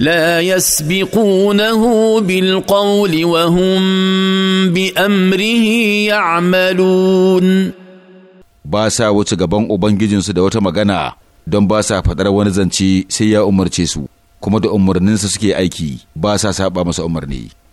لا يسبقونه بالقول وهم بأمره يعملون ba sa wuce gaban Ubangijinsu da wata magana don ba sa faɗar wani zance sai ya umarce su, kuma da umarninsa suke aiki ba sa saba masa umarni.